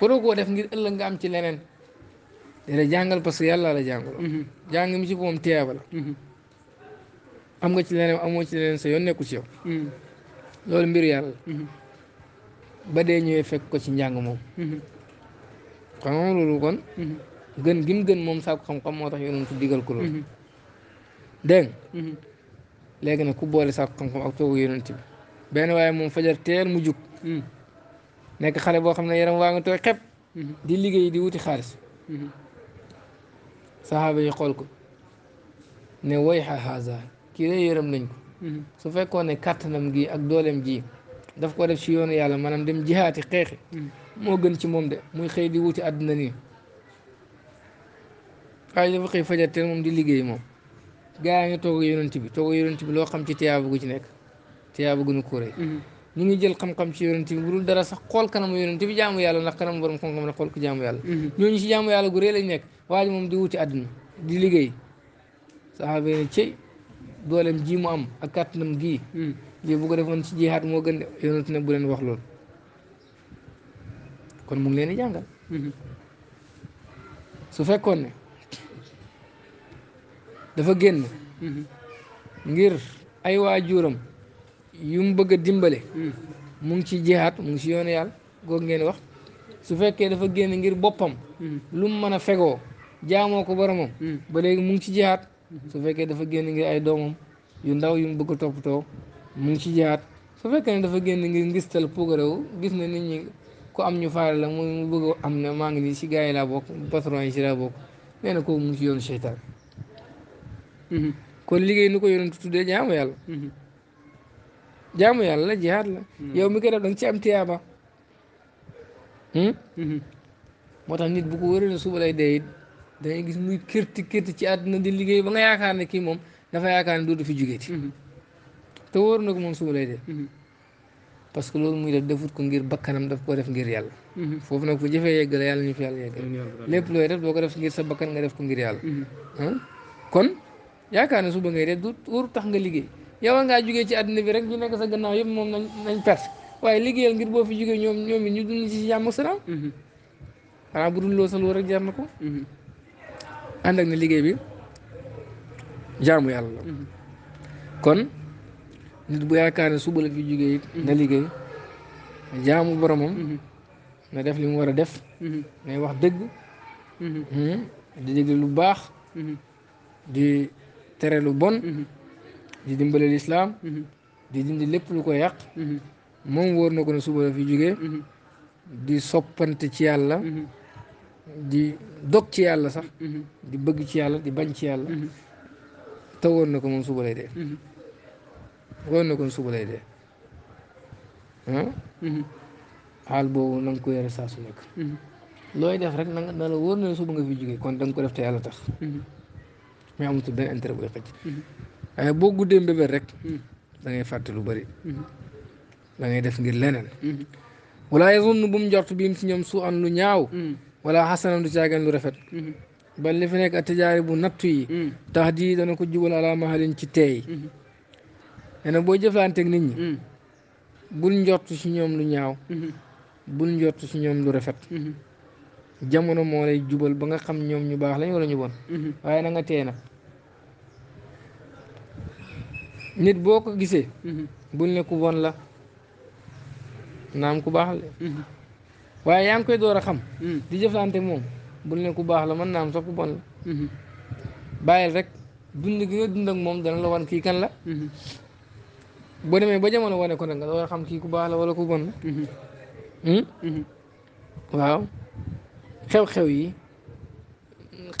la koo def ngir ëllëg nga am ci leneen dada jàngal parce que yàlla la jàngaloo jàng mi ci moom teeyaba la am nga ci leneen amoo ci leneen sa yoon nekkul ci yow. Hmm. loolu mbiru yàlla. Hmm. ba dee ñëwee fekk ko ci njàng moom. Hmm. xam nga loolu kon. gën gim gën moom sàkku xam-xam moo tax yonent digal ko loolu. dégg nga. léegi ku boole sàkku xam-xam ak toogu yonent bi benn waaye moom fajar teel mu jug. nekk xale boo xam ne yaram waa nga tooy xepp. di liggéey di wuti xaalis. saxaaba yi xool ko ne woy xaaxaazaay. kii rek yërëm nañ ko mhm. su fekkoon ne kàttanam gi ak dooleem ji daf ko def ci yoonu yàlla maanaam dem jihaati xeexi mhm. moo gën ci moom de muy xëy di wuti àdduna nii waaye dafa xëy fajateen moom di liggéey moom gaa yi nga toog yonent bi toog yonent bi loo xam ci tiyaaba gu ci nekk tiyaaba gu nu kuréy mhm. ñu ngi jël kam kam ci yonent bi bu dara sax xool kanamu yonent bi jaamu yàlla ndax kanamu borom xam-xam la xool ko jaamu yàlla ñooñu ci jaamu yàlla gu rëy lañ nekk waa ji moom di liggéey doole dooleem ji mu am ak kàttanam gii lii hmm. bu ko defoon ci jihaat moo gën yonent ne bu leen wax loolu kon mu ngi leen di jàngal hmm. su fekkoon ne dafa génn hmm. ngir ay waajuram yu mu bëgg a dimbale mu ngi ci jihaat mu ngi ci yoonu yàlla googu ngeen wax su fekkee dafa génn ngir boppam lu mu mën a fegoo jaamoo ko boromam ba léegi mu ngi ci jihaat su fekkee dafa génn ngir ay doomam yu ndaw yu mu bëgg a toppatoo mu ngi ci jaat su fekkee ne dafa génn ngir ngistal puugarewu gis na nit ñi ku am ñu faale la mu bëgg am na maa ngi nii si gars yi laa bokk patron yi si laa bokk nee na kooku mu ngi ci mhm. kon liggéey nu ko yonent tuddee jaamu yàlla mhm. jaamu yàlla la jihaad la mhm. yow mi koy def danga ci am tiyaaba hmm? moo tax nit bu ko wëree suba lay dee da gis muy kërti kërti ci àdduna di liggéey ba nga yaakaar ne kii moom dafa yaakaar ne dootu fi jógeeti mm-hmm. te wóor na ko moom suba lay def mm-hmm. parce que loolu muy def defut ko ngir bakkanam def koo def ngir yàlla mm-hmm. foofu nag fu jëfee yeggale yàlla ñu fi yàlla yeggale lépp looy def doo ko def ngir sa bakkan nga def ko ngir yàlla ah kon yaakaar ne suba ngay def du wóoru tax nga liggéey yow ngaa jógee ci àdduna bi rek ñu nekk sa gannaaw yëpp moom nañ nañ perte waaye liggéeyal ngir boo fi jógee ñoom ñoom it ñu dund ci jàmm ak salaam bu loo sa loolu rek jar ko ànd ak liggéey bi jaamu yàlla mhm. kon nit bu yaakaar ne suba la fi jógee it na mhm. liggéey jaamu boromam mhm. na def li mu war a def nay wax dëgg hmm? di déglu lu baax di tere lu bon di dimbale lislaam di dindi lépp lu ko yàq moom wóor na ko ne suba la fi jógee di soppante ci yàlla di dog ci yàlla sax mm-hmm. di bëgg ci yàlla di bañ ci yàlla mm-hmm. te woon na ko moom suba lay dee mm-hmm. woon na ko suba lay boobu na ko yore saa su nekk looy def rek na na la wóor na suba nga fi jógee kon da ko def te yàlla tax mais amatul benn intérêt booy xëcc waaye boo guddee mbébét rek da ngay fàtte lu bëri da ngay def ngir leneen wala yazunn bu mu njort bi mu si ñoom su an lu ñaaw wala xasanam du caagan lu rafet mhm. bal li fi nekk a tijaari bu nattu yi mhm. tax di dana ko jubal ala mahalin ci teey mhm. nee na boo jëflanteeg nit ñi bul njortu ci ñoom lu ñaaw bul njortu ci ñoom lu rafet jamono moo lay jubal ba nga xam ñoom ñu baax lañ wala ñu bon waaye na nga tee nag nit boo ko gisee bul ne ku won la naam ku baax la waaye yaa ngi koy door a xam. Hmm. di jëflante moom bul ne ku baax la mën naa am sax ku bon la. Hmm. bàyyil rek dund gi nga dund ak moom dana la wan kii kan la. Hmm. boo demee ba jamono wane ko nag nga door a xam kii ku baax la wala ku bon la. waaw xew-xew yi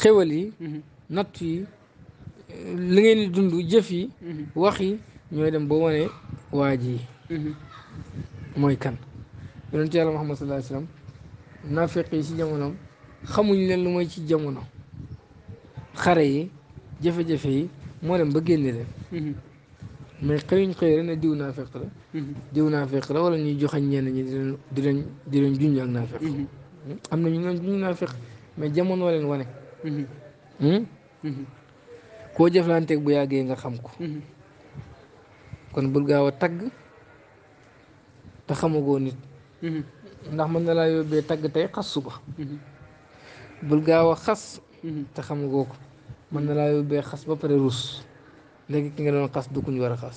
xewal yi. natt yi li ngeen di dund jëf yi. wax yi ñooy dem boo wane waa ji. mooy kan. yonent yàlla Muhammad sallallahu alayhi wa sallam naafeq yi si jamonoom xamuñ leen lu mooy ci jamono xare yi jafe-jafe yi moo dem ba génne leen mais xëyuñ xëy rek ne diw naafeq la diw naafeq la wala ñuy joxañ ñenn ñi di leen di leen di leen junj ak naafeq am na ñu leen junj naafeq mais jamono leen wane koo jëflanteeg bu yàggee nga xam ko kon bul gaaw a tagg te xamagoo nit Mm-hmm. ndax man na laa yóbbee tagg tey xas suba mm-hmm. bul gaaw a xas mm-hmm. te xam ngoo ko mën na laa yóbbee xas ba pare ruus léegi ki nga doon xas du ku ñu war a xas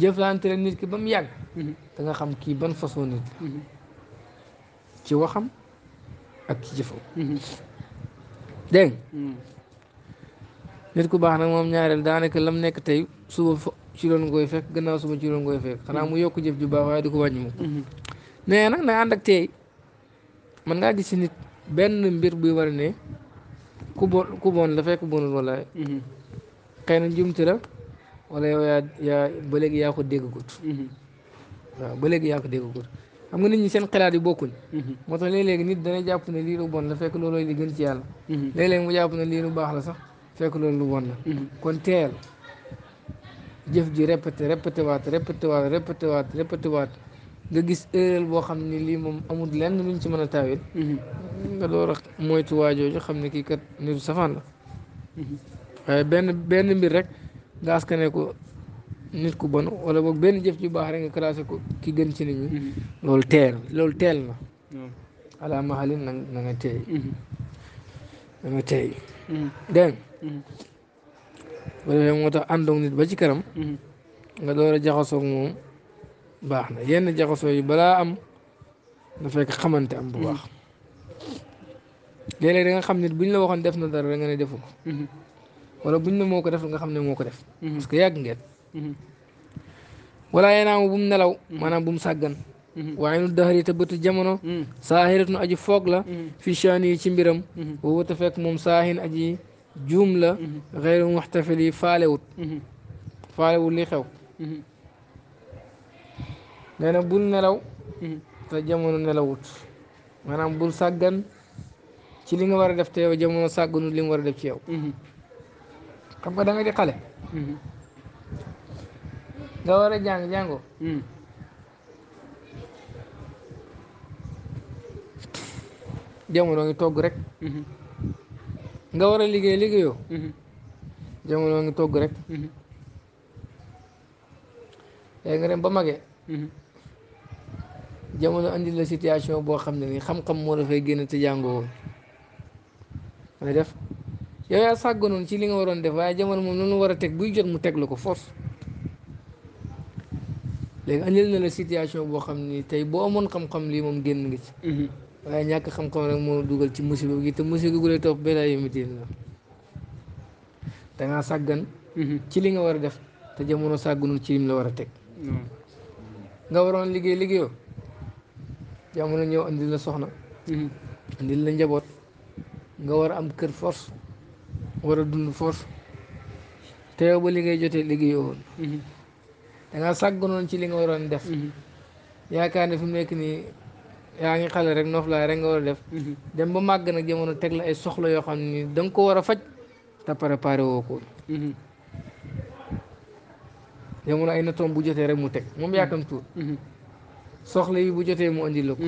jëflante nit ki ba mu yàgg da nga xam kii ban façon nit ci waxam ak ci jëfam dégg nit ku baax nag moom ñaareel daanaka lam nekk tey suba ci loolu nga koy fekk gannaaw suba ci loolu nga koy fekk xanaa mu mm-hmm. yokk jëf ju baax waaye du ko wàññi mu nee mm-hmm. nag na ànd ak teey mën ngaa gis nit benn mbir buy war ne ku bon ku bon la fekk bonul walaay mm-hmm. xëy na jumte la wala ba léegi yaa ko déggagut waaw ba léegi yaa ko déggagut nga nit seen xalaat yi bokkuñ moo tax léegi nit dana jàpp ne lii lu bon la fekk looloo li gën ci yàlla léeg-léeg mu jàpp ne lii baax la sax fekk loolu lu bon la kon teeyal jëf ji répété répété waat répété waat répété waat répété waat nga gis erreur boo xam ne lii moom amul lenn luñ ci mën a taawil mm-hmm. nga door a moytu waajooju xam ne kii kat nitu safaan la mm-hmm. waaye benn benn mbir rek nga askane ko nit ku bon wala boog benn jëf ju baax rek nga classé ko ki gën ci nit ñi mm-hmm. loolu teel loolu teel na ala mahalin na na nga teey na nga teey dégg wala moo tax àndoog nit ba ci kanam mhm. nga door a jaxasoog moom baax na yenn jaxasoo yi balaa am na fekk xamante am bu mhm. baax léeg da nga xam nit buñ la waxoon def na dara nga ne defu ko mhm. wala buñ moo ko def nga xam ne moo ko def parce que yàgg ngeen wala yenaamu bu mu nelaw maanaam bu mu sàggan waaye nu daxari te bëtt jamono saahiratun aji foog la fi shaani ci mbiram woowu te fekk moom saahin aji juum la xeyru mhm. muxtafil yi faalewut mhm. faalewut li xew mhm. nee bul nelaw te jamono nelawut maanaam bul sàggan ci li war a def te yow jamono sàgganut li mu war a def ci yow nga da nga di xale nga war a jàng jàngoo jamono togg rek nga war a liggéey liggéeyoo mhm. jamono ngi togg rek mhm. léegi nga dem ba magee mhm. jamono andi la situation boo xam ne nii xam-xam moo dafay génn te jàngoo nga def yow yaa sàgganoon ci li nga waroon def waaye jamono moom noonu war a teg buy jot mu teg la ko force léegi andil na la situation boo xam ni tey boo amoon xam-xam lii moom génn nga ci. Mhm. waaye ñàkk xam-xam rek moo dugal ci musiba gi te musiba gu lay topp ba laa yëmitiin la dangaa sàggan. Mhm. ci li nga war a def te jamono sàggunul ci lim la war a teg. nga waroon liggéey liggéeyoo jamono ñëw andil la soxna. Mhm. andil la njaboot nga war a am kër force war a dund force te yow ba liggéey jotee liggéeyoo woon. da ngaa sàgganoon ci li nga waroon def. Mhm. yaakaar ne fi mu nekk nii yaa ngi xale rek noflaay rek nga war a def. Mhm. dem ba màgg nag jamono teg la ay soxla yoo xam ni da nga ko war a faj te préparé woo ko. Mhm. jamono ay nattoom bu jotee rek mu teg moom yaakam tuur soxla yi bu jotee mu andil la ko.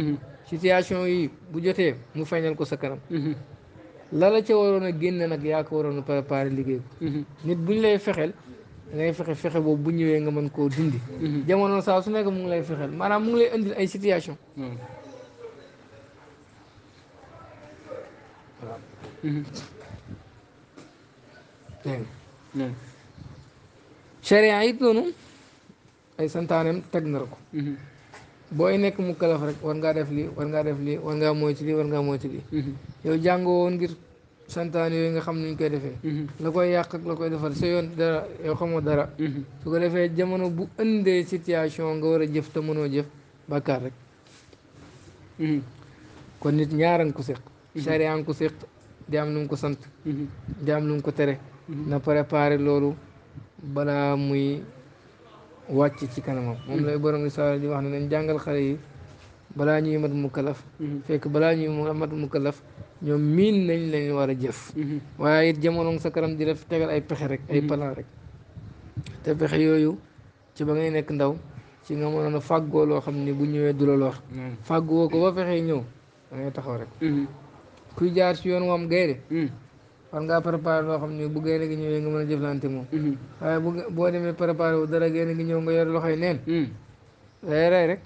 situation yi bu jotee mu feeñal ko sa kanam. la la ca waroon a génne nag yaa ko waroon a préparé liggéey ko. nit buñ lay fexeel. da fexe fexe boobu bu ñëwee nga mën koo dindi. Mhm. jamono saa su nekk mu ngi lay fexeel maanaam mu ngi lay indil ay situation. Mhm. Mhm. dégg nga. charia it ay santaaneem teg na ko. booy nekk mu kalaf rek war ngaa def lii war ngaa def lii war ngaa moytu lii war ngaa moytu lii. yow jàngoo ngir. santaan yooyu nga xam ni ñu koy defee mhm. la koy yàq ak koy defar sa yoon dara yow xamoo dara mhm. su ko defee jamono bu ëndee situation nga war a jëf te mënoo jëf bàkkaar rek mhm. kon nit ñaaran ko séq sariyaan ko séq di am lu mu ko sant di am lu mu ko tere na préparé loolu balaa muy wàcc ci kanamam moom lay borom ni sawara di wax na nañ jàngal xale yi balaa ñuy mat mu kalaf fekk balaa ñuy mat mu kalaf ñoom miin nañ lañ war a jëf mm-hmm. waaye it jamono sa karam di def tegal ay pexe rek ay mm-hmm. plan rek te pexe yooyu ci ba ngay nekk ndaw ci nga mënoon a fàggoo loo xam ne bu ñëwee du la lor mm-hmm. fàggoo ko ba fexee ñëw da taxaw rek kuy jaar ci yoon woom gaynde war ngaa préparé loo xam ne bu gaynde gi ñëwee nga mën a jëflante moom waaye bu boo demee préparé wu dara gaynde gi ñëw nga yor loxoy neen lay rey rek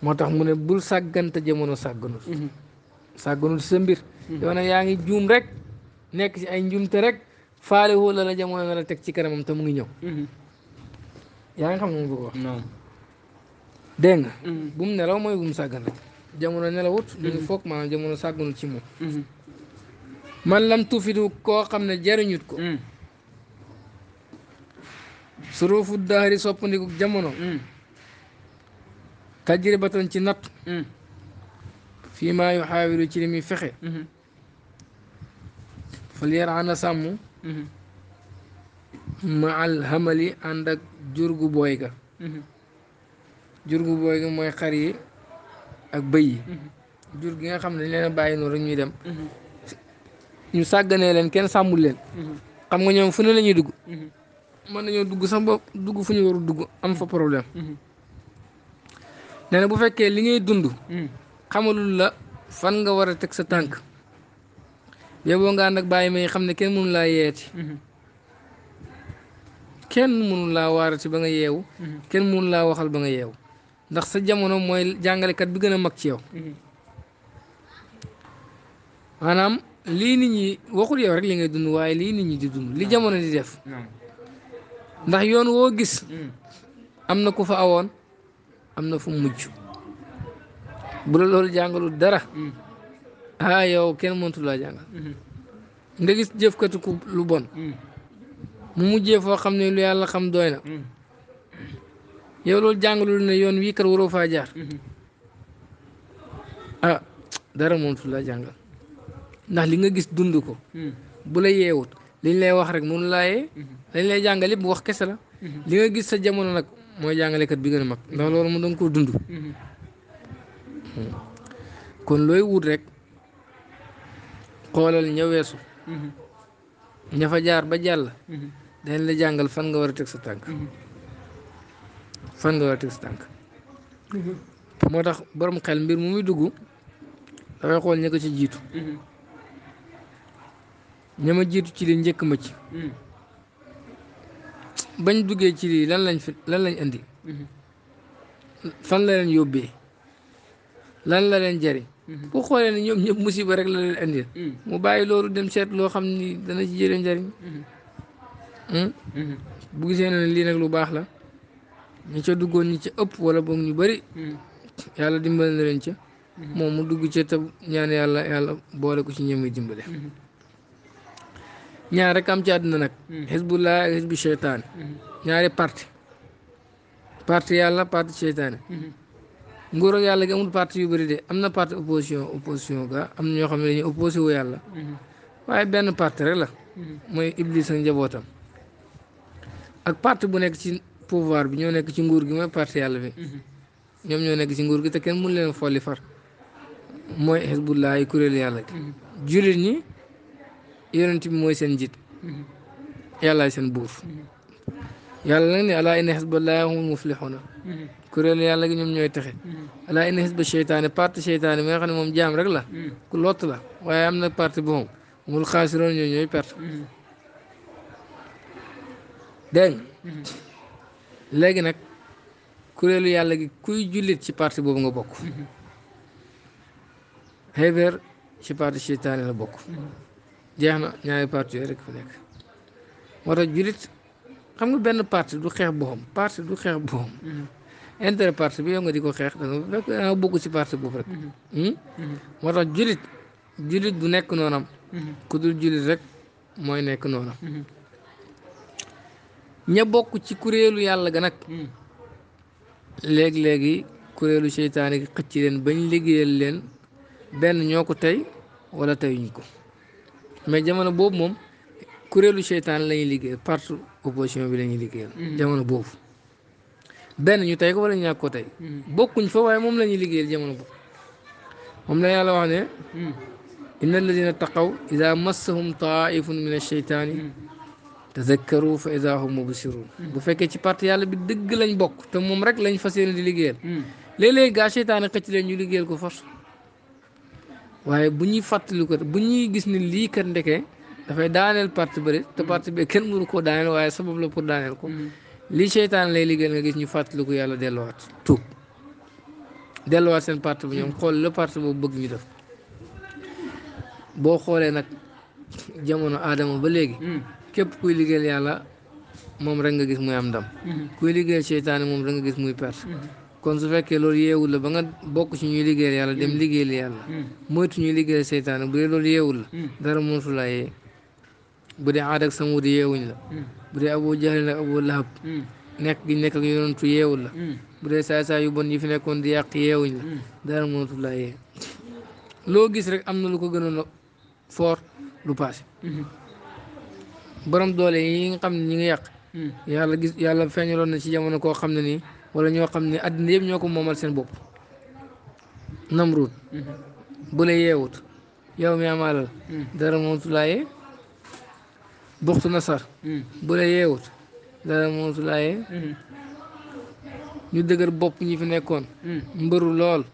moo tax mu ne bul sàggante jamono sàgganul sagunul sa mbir yow hmm. nag yaangi joom rek nekk ci ay njumte rek faale woo la la jamo na la tek ci kanamam te mu ngi ñew hmm. yaa ngi xam nga mu bëgg wax dégg nga hmm. bu mu nelaw moy bu mu sagal rek jamono nelawut ñu fokk foog jamono sagunul ci moom man lam tufidu ko xamne jarignut ko surufu jamono tajribatan ci nat fii maa yu xaawilu ci li muy fexe mhm. fal yar ana sàmm mhm. ma al xamali ànd ak jurgu booy ga
mhm.
booy ga mooy xar yi ak bëy yi jur gi nga xam ne dañ leen bàyyi noonu rek ñuy dem ñu sàgganee leen kenn sàmmul leen xam nga ñoom fu ne lañuy ñuy dugg mën nañoo dugg sax ba dugg fu ñu warul dugg am fa problème nee bu fekkee li ngay dund xamalul la fan nga war a teg sa tànk yóbboo nga ànd ak bàyyi may xam ne kenn mënu laa yeeti kenn mënu laa waarati ba nga yeewu kenn mënu laa waxal ba nga yeewu ndax sa jamono mooy jàngalekat bi gën a mag ci yow lii nit ñi waxul yow rek li ngay dund waaye lii nit ñi di dund li jamono di def ndax yoon woo gis hmm. am na ku fa awoon am na fu mujj bu loolu jàngalul dara hmm. ah, yow kenn mëntu laa jàngal hmm. nga gis jëfkati ku lu bon hmm. mu mujjee foo xam ne lu yàlla xam doy na yow loolu yoon wii kat waroo faa jaar ah dara mëntu laa jàngal ndax li nga gis dund ko bu la yeewut liñ lay wax rek mënu laa yee lay jàngal yëpp wax kese la li nga gis sa jamono nag mooy jàngalekat bi gën a mag ndax loolu mu doon koo dund kon looy wut rek xoolal ña weesu
mm-hmm.
ña fa jaar ba jàll mm-hmm. dañ la jàngal fan nga war a teg sa tànk mm-hmm. fan nga war a teg sa tànk moo tax borom xel mbir mu muy dugg dafay xool ña ci jiitu ña jiitu ci li njëkk ma ci bañ duggee ci lii lan lañ fi lan lañ indi fan la leen yóbbee lan la leen jariñ mhm. bu xoolee ne ñoom ñëpp musiba rek la leen mhm. mu bàyyi loolu dem seet loo xam ni dana ci jëlee njariñ mhm.
Hmm? bu
gisee na lii nag lu baax la ñi ca duggoon ñi ca ëpp wala boog ñu bari yàlla dimbale na leen ca moom mu dugg ca te ñaan yàlla yàlla boole ko ci ñoom dimbale ñaar rek am ci àdduna nag xisbullah xisbu cheytaane ñaari parti parti yàlla parti cheytaane nguur ak yàlla gi amul parti yu bëri de am na part opposition opposition ga am na ñoo xam ne dañuy opposé wu yàlla mhm. waaye benn parti rek la mhm. mooy Iblis ak njabootam ak parti bu nekk ci pouvoir bi ñoo nekk ci nguur gi mooy parti yàlla bi mhm. ñoom ñoo nekk ci nguur gi te kenn mënu leen folli far mooy xisbullah yi kuréelu yàlla gi jullit ñi yonent bi mooy seen njiit yàllaay seen buur yàlla nag ne alaa inna xisbullah humul muflixuuna kuréel yàlla gi ñoom ñooy texe alaa mm-hmm. inna xisba seytaane parti seytaane mi nga xam ne moom jaam rek la mm-hmm. ku lott la waaye am na parti bu moom mul xaasiroon ñoo ñooy perte mm-hmm. dégg nag kuréelu yàlla gi kuy jullit ci parti boobu nga bokk xeebeer ci parti la bokk na ñaari parti yooyu rek fa nekk moo xam nga benn parti du xeex boxam parti du xeex boxam intérêt parti bi yow nga di ko xeex da nga fekk da nga bokk ci parti boobu rek. Mhm. Hmm? Mhm. moo julit julit bu nekk noonam. Mhm. ku dul julit rek mooy nekk noonam. ña bokk ci kuréelu yàlla ga nag. léegi léegi kuréelu seytaane gi xëcc leen bañ liggéeyal leen benn ñoo ko tey wala teyuñ ko mais jamono boobu moom kuréelu seytaane lañuy ñuy liggéeyal parti opposition bi la ñuy liggéeyal. jamono boobu. ben ñu tay ko wala ñak ko tay bokkuñ fa way mom lañu ñuy liggéeyal jamono boobu moom la yàlla wax ne inna alladina taqaw idha massahum ta'ifun min ash-shaytan tadhakkaru fa idha hum mubsirun bu fekke ci parti yàlla bi deug lañ bok te mom rek lañ fasiyene di liggéeyal léeg-léeg gaa cheytaani xëcc leen ñu liggéeyal ko fas waye buñu fatali ko buñu gis ni li kat ndeke da fay daanel parti bëri te parti bi kenn mënu ko daanel waye sababu la pour daanel ko li seytaan lay liggéeyal nga gis ñu fàttaliku yàlla delluwaat tuub delluwaat seen parti bu ñoom xool la parti boobu bëgg ñu def boo xoolee nag jamono adama ba léegi hmm. képp kuy liggéeyal yàlla moom rek nga gis muy am ndam hmm. kuy liggéeyal seytaane moom rek nga gis muy perte hmm. kon su fekkee loolu yeewul la ba nga bokk ci ñuy liggéeyal yàlla dem liggéeyal yàlla moytu ñuy liggéeyal seytaane bu dee loolu yeewul la dara mënatu laa yee bu dee aad ak samuudi yeewuñ la bu dee abu jahal nag abu lahab hmm. nekk gi nekk ak yonentu yeewul la hmm. bu dee saay saay yu bon yi fi nekkoon di yàq yeewuñ la hmm. dara mënatul laa loo gis rek am na lu ko gënoon a lu passé borom doole yi nga xam ne ñi ngi yàq yàlla gis yàlla feeñaloon na ci jamono koo xam ne nii wala ñoo xam ne àddina yëpp ñoo ko moomal seen bopp namruut bu la yeewut yow mi am alal dara mënatul laa buxtu nasar hmm. bu la yeewut dara moosu laayee hmm. ñu dëgër bop ñi fi nekkon hmm. mbëru lool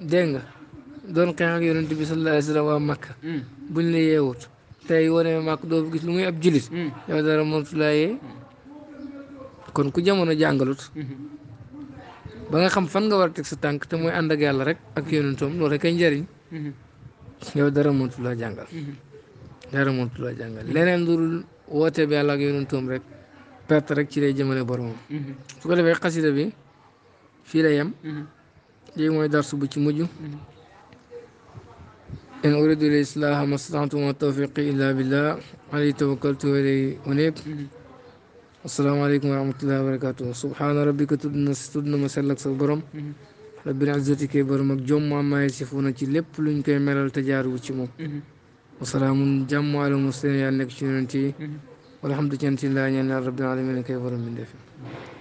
dégg nga doon xeex ak yonent bi sallallahu alayhi wa Makka buñ la yewut tay woné demee Makka doo gis lu muy ab julit yow dara moosu laayee kon ku jamono jangalut ba nga xam fan nga war tek sa tank te moy ànd ak yàlla rek ak yonentoom loolu rek ay njëriñ yow dara mo laa jangal dara mënut loo jàngal leneen lu woote bi yàlla ak yonentam rek perte rek ci lay jëmale boromam. Mhm. su ko defee xasida bi fii la yem. Mhm. léegi mooy darsu bu ci mujj. إن أريد الإصلاح ما استطعت وما توفيقي إلا بالله عليه توكلت وإليه أنيب السلام عليكم ورحمة الله وبركاته سبحان ربك تدنا ستدنا مسلك سبرم رب العزة كبر مجمع ما يصفون لب لنك ملل تجارب وشمو وسلام جم على المسلمين يعني لك شنو والحمد يعني لله رب العالمين كيف
من دفن